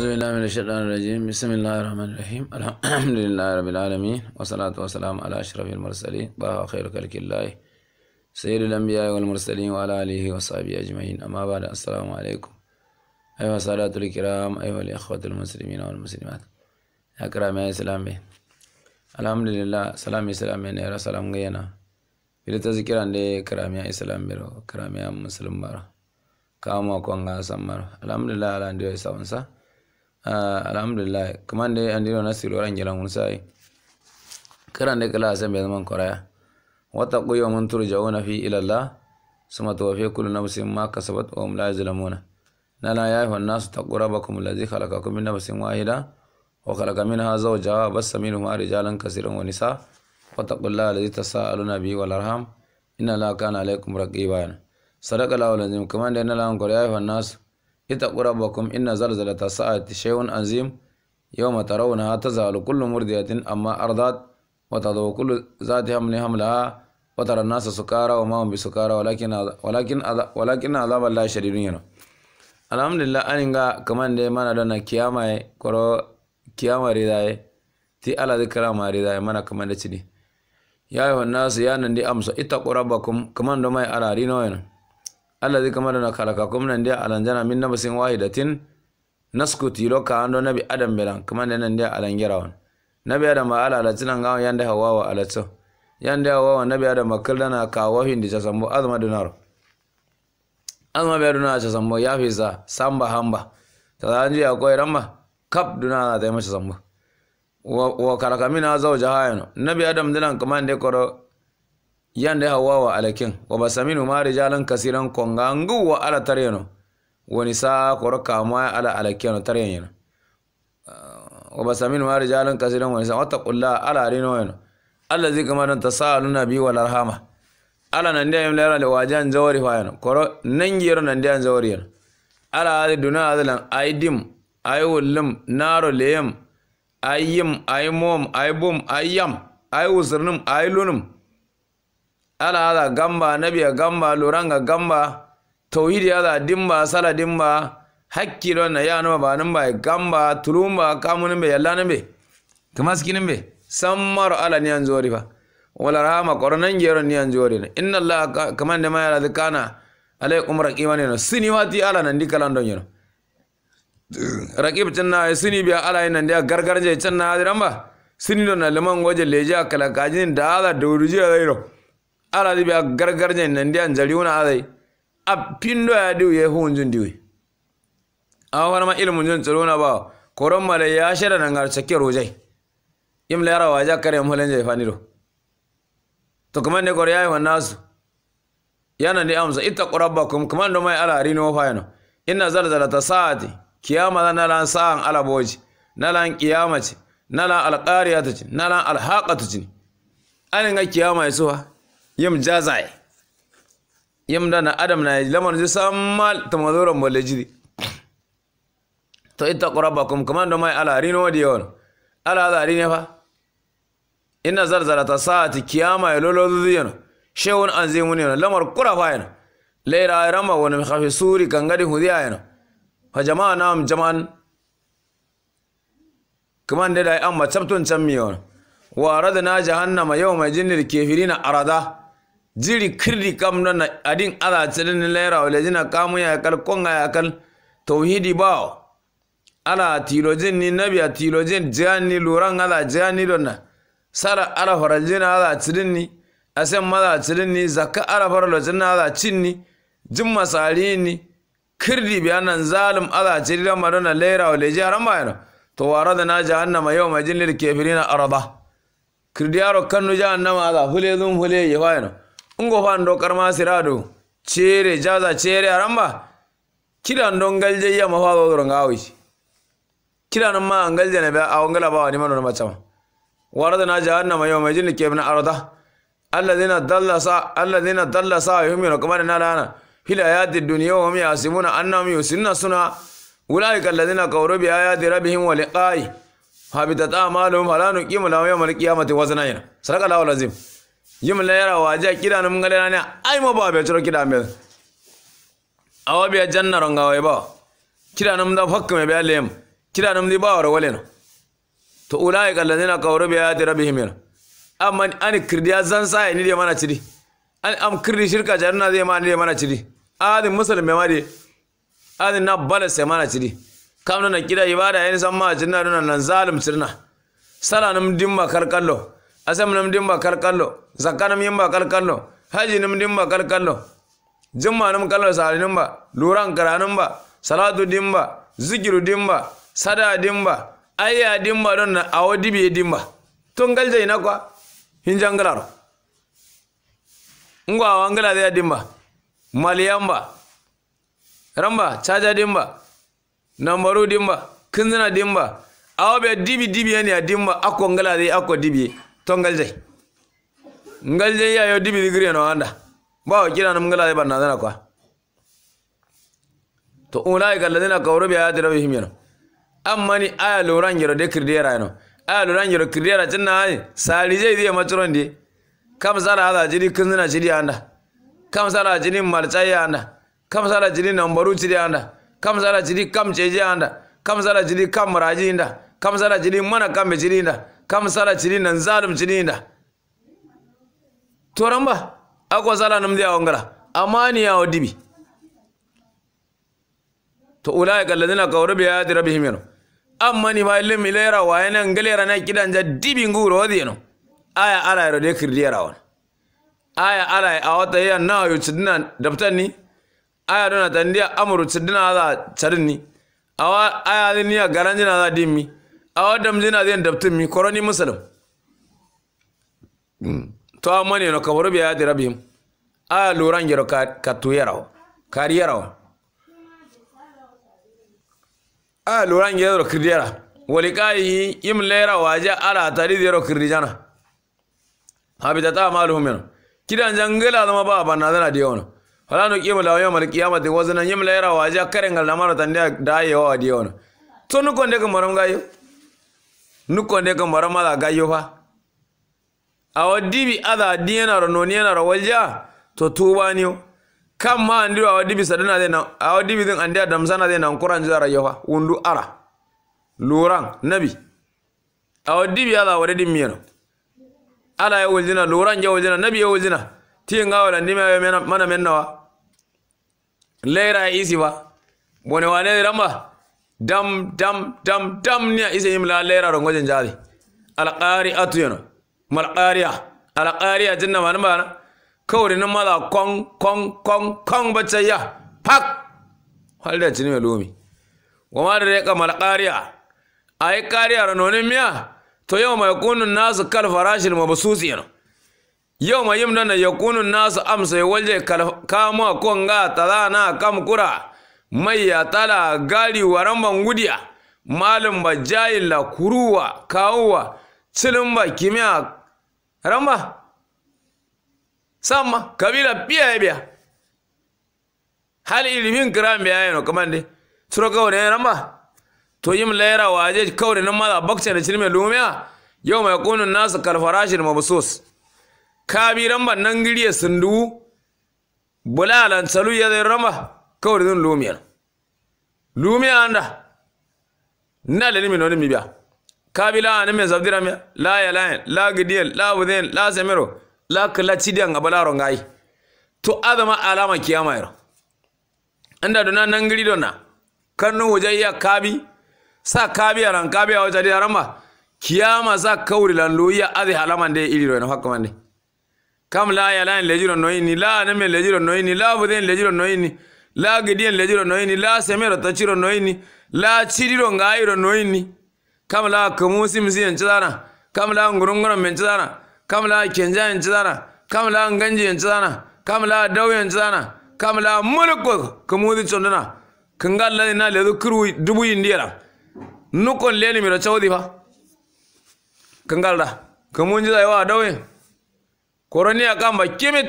أعوذ بالله من الشيطان الرجيم بسم الله الرحمن الرحيم الحمد لله رب العالمين والصلاة والسلام على أشرف المرسلين بها خير كلك الله سيد الأنبياء والمرسلين وعلى آله وصحبه أجمعين أما بعد السلام عليكم أيها الصلاة الكرام أيها الإخوة المسلمين والمسلمات أكرم يا سلام بي الحمد لله سلام سلام بي نيرا سلام غينا بلتذكر عند كرام يا سلام برو كرام يا مسلم برو كامو كونغا سمر الحمد لله على أن يسامسا Ah, alhamdulillah kaman de andiro nasiru ran gelan unsai kiran de kala asan be zaman koraya wata quyo mun turjauna fi ila allah suma tuwafi na nafsin ma ka kasabat wa na la yuzlamuna nala ya ayuha an-nas taqrabakum alladhi khalaqakum min nafsin wahida wa khalaqa minha zawjaha bassa minhuma rijalan kaseeran wa nisaa wattaqullaha alladhi tasaaluna bihi wal arham inna allaha kana alaykum raqiba sadaqa allahu alazim kaman de nala an koraya ayuha wannan su. اتقوا ربكم إن زلزلة الساعة شيء عظيم يوم ترونها تزال كل مرضية أما أرضت وتضع كل ذات حمل حملها وترى الناس سكارى وما هم بسكارى ولكن ولكن ولكن عذاب الله شديد هنا alhamdulillah an ga kaman dai mana dana kiyama ye koro kiyama rida ye ti ala de karama rida ye mana kaman da cidi ya yi nasu ya nan di amsa ita rabbakum kaman do mai ala rino yana alladhi kama dana khalaqakum nan dia alanjana min nabasin wahidatin naskuti lo ka ando nabi adam belan kama nan dia alangirawan nabi adam ma ala ala tinan gawa yanda hawa wa ala to yanda hawa wa nabi adam makallana ka wahin di sasambo azma dinar azma be duna sambo ya fisa samba hamba ta anji akwai ramba kap duna ta yi masa sambo wa kalakamina zawjaha yano nabi adam dinan kama ne koro hawa wa alakin wa basaminu ma rijalan kasiran kongangu wa ala taryano wani sa koro kama ala alakin taryano wa basaminu ma rijalan kasiran wani sa wata kulla ala rino yana allazi kama don tasaluna bi wal arhama ala nan dai mlara le wajan zawari fa yana koro nan gero nan dai zawari yana ala hadi duna azlan aidim aiwullum naro leyam ayyim aymom aybum ayyam aywusrnum aylunum ala ala gamba nabiya gamba luranga gamba tauhidi ada dimba sala dimba hakkilo na ya no ba namba gamba tulumba kamun be yalla nan be kuma kamaskinin be samar ala ni an zori ba wala rama koronan gero ni zori ne inna allah kaman da ma yala kana alaikum raqimani no sini wati ala nan dikalan don yo raqib tanna sini biya ala nan da gargarje tanna hadiran ba sini don na liman waje leja kala kajin da ala dawruji da yero ala di bia ne nan dia anjali una adai a pindo ya yi ye hunjun diu a wana ma ilmun jun tsaro na ba koron mala ya shara nan gar cike rojai yim la rawa ja kare mu lanje fani do to kuma ne gore yayi wannan su yana ne amsa ita qurabbakum kuma do mai ala rino fa yana inna zalzalata sa'ati kiyama na lan sa'an alaboji na lan kiyama ce na lan alqariyata ce na lan alhaqata ce anin ga kiyama yasuwa yam jazai yam da na adam na lamar ji sammal ta mazoran bolle jiri to ita quraba kum kaman da mai ala rino di yon ala da rine fa inna zarzarata saati kiyama ya lolo zuziyon shewun an zai muni lamar kura yana laira rama wani khafi suri kangadi hudiya yana fa jama'a nam jama'an kaman da da an ma chaptun chammiyon wa aradna jahannama yawma jinnil kafirina arada jiri kirri kam na adin ala tsirin lera wale jina kamu ya kal konga ya kal tauhidi bao ala tilojin ni nabi a tilojin jiyan ni luran ala jiyan ni donna sara ala horajina ala tsirin ni asen ala tsirin ni zaka ala farlojin na ala cin ni jin masari ni kirri biya nan zalim ala tsirin na lera wale ma yana to wara da na jahannama yau majin lil kefirina araba kirdiyaro kannu jahannama ala hule zun hule yi yana ngo fando karma sirado chere jaza chere aramba kila ndo ngalje ya mafado doro ngawi kila no ma ngalje ne ba awngala ba ni manono macama waradna jahannama yawma jinni kebna arda alladhina dalla sa alladhina dalla sa yuhminu kamar nalana fil hayati dunya wa hum yasimuna annahum yusinna suna ulaika alladhina kawaru bi ayati rabbihim wa liqai habitat a'maluhum fala nuqimu lahum yawmal qiyamati wazna sadaka Allahu azim yimla yara waje kida num ngale nani ay mo ba be choro kida me awa be janna ronga way ba kida num da fakk me be alem kida num di ba wa wale no to ulai kal ladina kawru ya ayati rabbihim amma an kirdiya zan sai ni de mana cidi an am kirdi shirka jarna zai ma ni de mana cidi adin musulmi ma de adin na bala sai mana cidi kamna na kida ibada yin san ma jinna nan zalim sirna salanum dimma karkallo asam nam dimba kalkallo zakkanam yimba kalkallo haji nam dimba kalkallo jumma nam kallo sari dimba luran kara dimba salatu dimba zikiru dimba sada dimba ayya dimba don na awodi dibiye dimba tun galja ina kwa hinjangalaro ngwa wangala da dimba maliyamba ramba chaja dimba nambaru dimba kinzina dimba awobe dibi dibi dibiye ne a dimba ako ngala da dibiye to ngaljay ngaljay yayo dibi digiri no anda ba o kira nam ngala ba na kwa to ulai kal ladina kawru bi ayati rabbihim yana amma ni aya loran gero de kirdera no aya loran gero kirdera tinna ai sali jai dia maturon di kam sala hada jidi kinna jidi anda kam sala jidi marcai anda kam sala jidi nambaru jidi anda kam sala jidi kam ceje anda kam sala jidi kam raji anda kam sala jidi mana kam be jidi inda kam sala cirina nzalum cirinda toramba ako sala namdi awo ngala amani yawo dibi to ulaika alladhina kafaru ya ayati rabbihim yano amani ma illam ilayra wa yana ngalera na kidan ja dibi nguro odi yano aya ala yaro de kirdiyara wan aya ala awata ya na yu cidina daftani aya dona tandiya amuru cidina za cadini awa aya ni ya garanjina za dimi. A mu zina zai dabtin mi koroni musulun hmm. to a mani no kabaru biya da rabim a luran gero ka tuyarawa kariyarawa a luran gero kiriyara wali kayi yim lera waje ala tari zero kirijana habita ta maluhum yana kidan jangala zama ba banna zana da yawa wala no kiyama da yawa malkiyama da wazanan yim lera waje karen galna mara a da yawa da yawa tonu konde ga maram gayo nukonde ka marama da gayo fa awa dibi ada diena ro noniena ro walja to tuba niyo kam ma andi awa dibi sadana de na awa dibi din andi adam de na kuran jara yo undu ara luran nabi awa dibi ada wade dimiyano ala ya wuljina luran ya wuljina nabi ya wuljina tiyenga wala ndima mana menna wa lera isi wa bone wane ramba dam dam dam dam ni ise imla lera jari. Alƙari, jadi alqari atuyano mal qariya alqariya jinna man bana kawri na mala kon kon kon kon bacaya pak halda jini lumi wama da reka mal qariya ay qariya ranonin miya to yau mai kunun nasu kal farashil mabsusi yana yau mai yimdan yakunu nasu amsa walje kal kama konga talana kam kura mai ya tala gari ramban gudiya malin ba jayin la kuruwa kawuwa cilin ba kimiyya ramba samma kabila biya ya biya hal ilimin kiran biya ya no kamande suro kawne ramba to yim laira waje kawre nan mala bakce da mai lumiya yau mai kunun nasu kalfarashin mabsus kabi ban nan giriya sundu bulalan salu ya zai ramba kawri dun lumiyar lumiya anda na leni min oni mibya kabila ne me zabdira me la ya la la gidiel la wuden la semero la kala cidiya ngabalaro ngai to adama alama kiyama yaro anda dona nangiri dona kanu wajaya kabi sa kabi aran kabi a wajadi aramba kiyama sa kawri lan luya adi halamande iliro no hakkamande kam la ya la lejiro noyini la ne me lejiro noyini la wuden lejiro noyini la gediyen lejiro noini la semero tachiro noini la chiriro ngairo noini kama la kamusi msi yanchidana kama la ngurungoro menchidana kama la kenja yanchidana kama la nganji yanchidana kama la dawu yanchidana kama la mulko kamusi chondana kanga la na ledu kuru dubu indiela nukon leni mira chawdi ba kanga la kamunji da yawa dawu koroni akamba kimit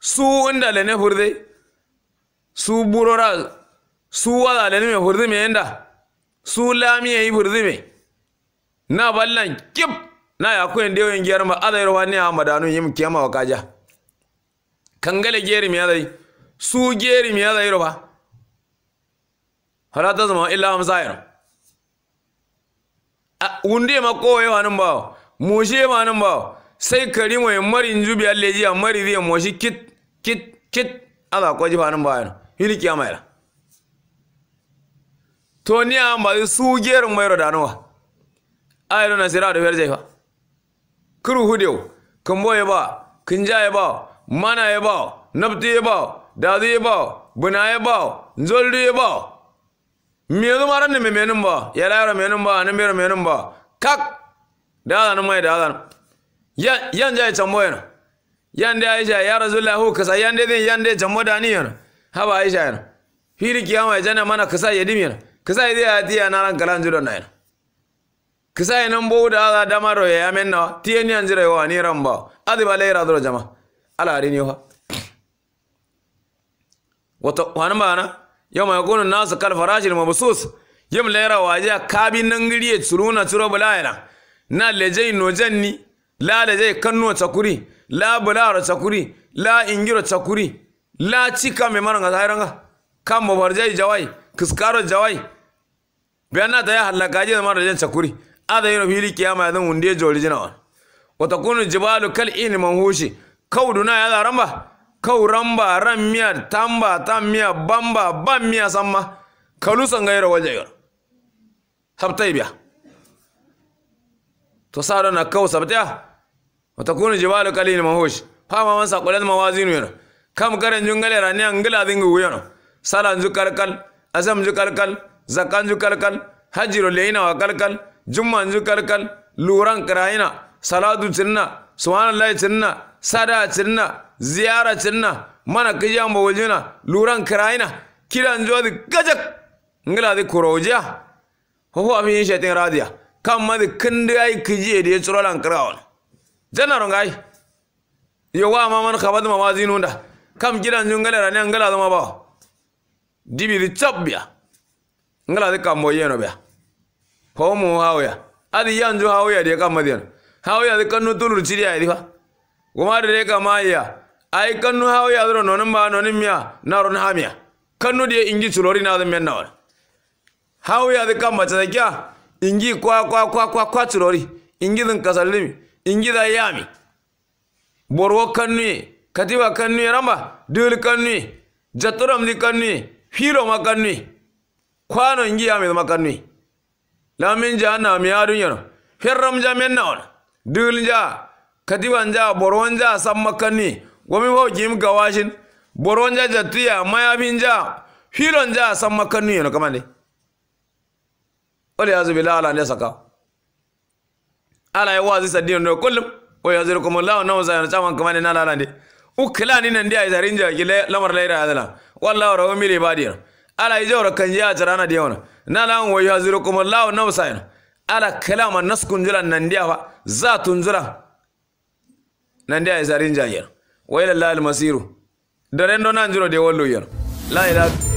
su unda lene furde su su സുബുറോട സുവാതാലും su എന്താ yi ഹുറുദമേ na ballan kip na ya kuyen dewo yin giyar ma adai ruwa ne a madanu yim kiyama wa kaja kangale geri mai adai su geri mai adai ruwa halata zama illa hamsa yaro wunde ma kowai wani ba moshe ma nan ba sai karima ya mari jubi alleji ya mari zai moshi kit kit kit ala kwa jiba nan bayano hini kiyama ila to ni a ba su gerin mai rodanowa ayro na nasira da verje fa kuru hudeu kambo ya ba kinja ya ba mana ya ba nabti ya ba dadu ba buna ya ba zoldu ya ba Me maran ne memenin ba ya yaro menin ba nan bera menin ba kak da zanu mai da zanu yan yan jai tamboyana yande aisha ya rasulullah hu kasa yande din yande jamma dani yana haba aisha yana firi kiyama ya jana mana kasa ya yana kasa ya zai atiya na ran kalan jidon na yana kasa ya nan bau da aza dama ya yamen nawa tiye ni anjira yawa ni ran ba adi ba laira duro jama ala hari ni wa wato wani ba na yau mai kunun nasu kalfarashin mabusus yim laira waje kabi nan giriye tsuruna tsuro bula yana na lejai nojan ni la lejai kannuwa tsakuri la bulara sakuri la ingiro sakuri la chika maranga zairanga kam mobarjai jawai kiskaro jawai bianna ta ya je da marajan sakuri ada yino fili kiyama yadan undiye jori jinawa wa kunu jibalu kal in manhushi kauduna ya zaramba kauramba miya tamba tamiya bamba bamiya samma kalusan gairo waje yo biya to saro na kau sabtiya watakunu jibalu qalil mahush fama man saqulat mawazinu yana kam garan jungale rani angila dingu yana salan ju kalkal azam ju kalkal zakan ju kalkal hajiro leina wa kalkal jumman ju kalkal luran karaina salatu cinna subhanallahi cinna sada cinna ziyara cinna mana kijan bawajina luran karaina kiran jodi gajak ngila di kuroja ho ho abin shaitin radiya kam ma di kindi ai kije da ya tsuro lan karawa janna rongai yo wa ma man khabad ma wazinu da kam gidan jungala rani angala zama ba dibi di chabya ngala kam kambo no bya ko mu hawya adi yanju hawya de kam madiyan hawya di kannu tulur chiri ai fa goma de ka maya ai kannu hawya dro nonin ba nonin miya na ron hamiya nu de ingi chulori na zan menna wala hawya de kam mata kya ingi kwa kwa kwa kwa kwa chulori ingi din kasalimi ingida yami borwo kannuye katiba kannuye ramba dul kannuye jatoramdi kannuye fiiloma kannuye kwano ingi yamidoma kannuye lamin ja nami adun yano ferram ja men naona dul ja katiba ja borwon ja samma kannuye gomi wo jim gawashin borwon ja jattuya mayabin ja fiilon ja samma kannuye no kamande wala yazu billah ne saka ala ya wazi sa dino kullum wa yazirukumullahu nawza yanachaman kamani nalala ndi ukila nina ndi ayta rinja kile lamar laira adala wallahu rahu mili badira ala ijawra kanjiya charana diona nalan wa yazirukumullahu nawsa yana ala kalama naskunjula nandiya fa zatunjula nandiya ayta rinja yana wa ila lahi almasiru dorendo nanjuro de wallu yana la ilaha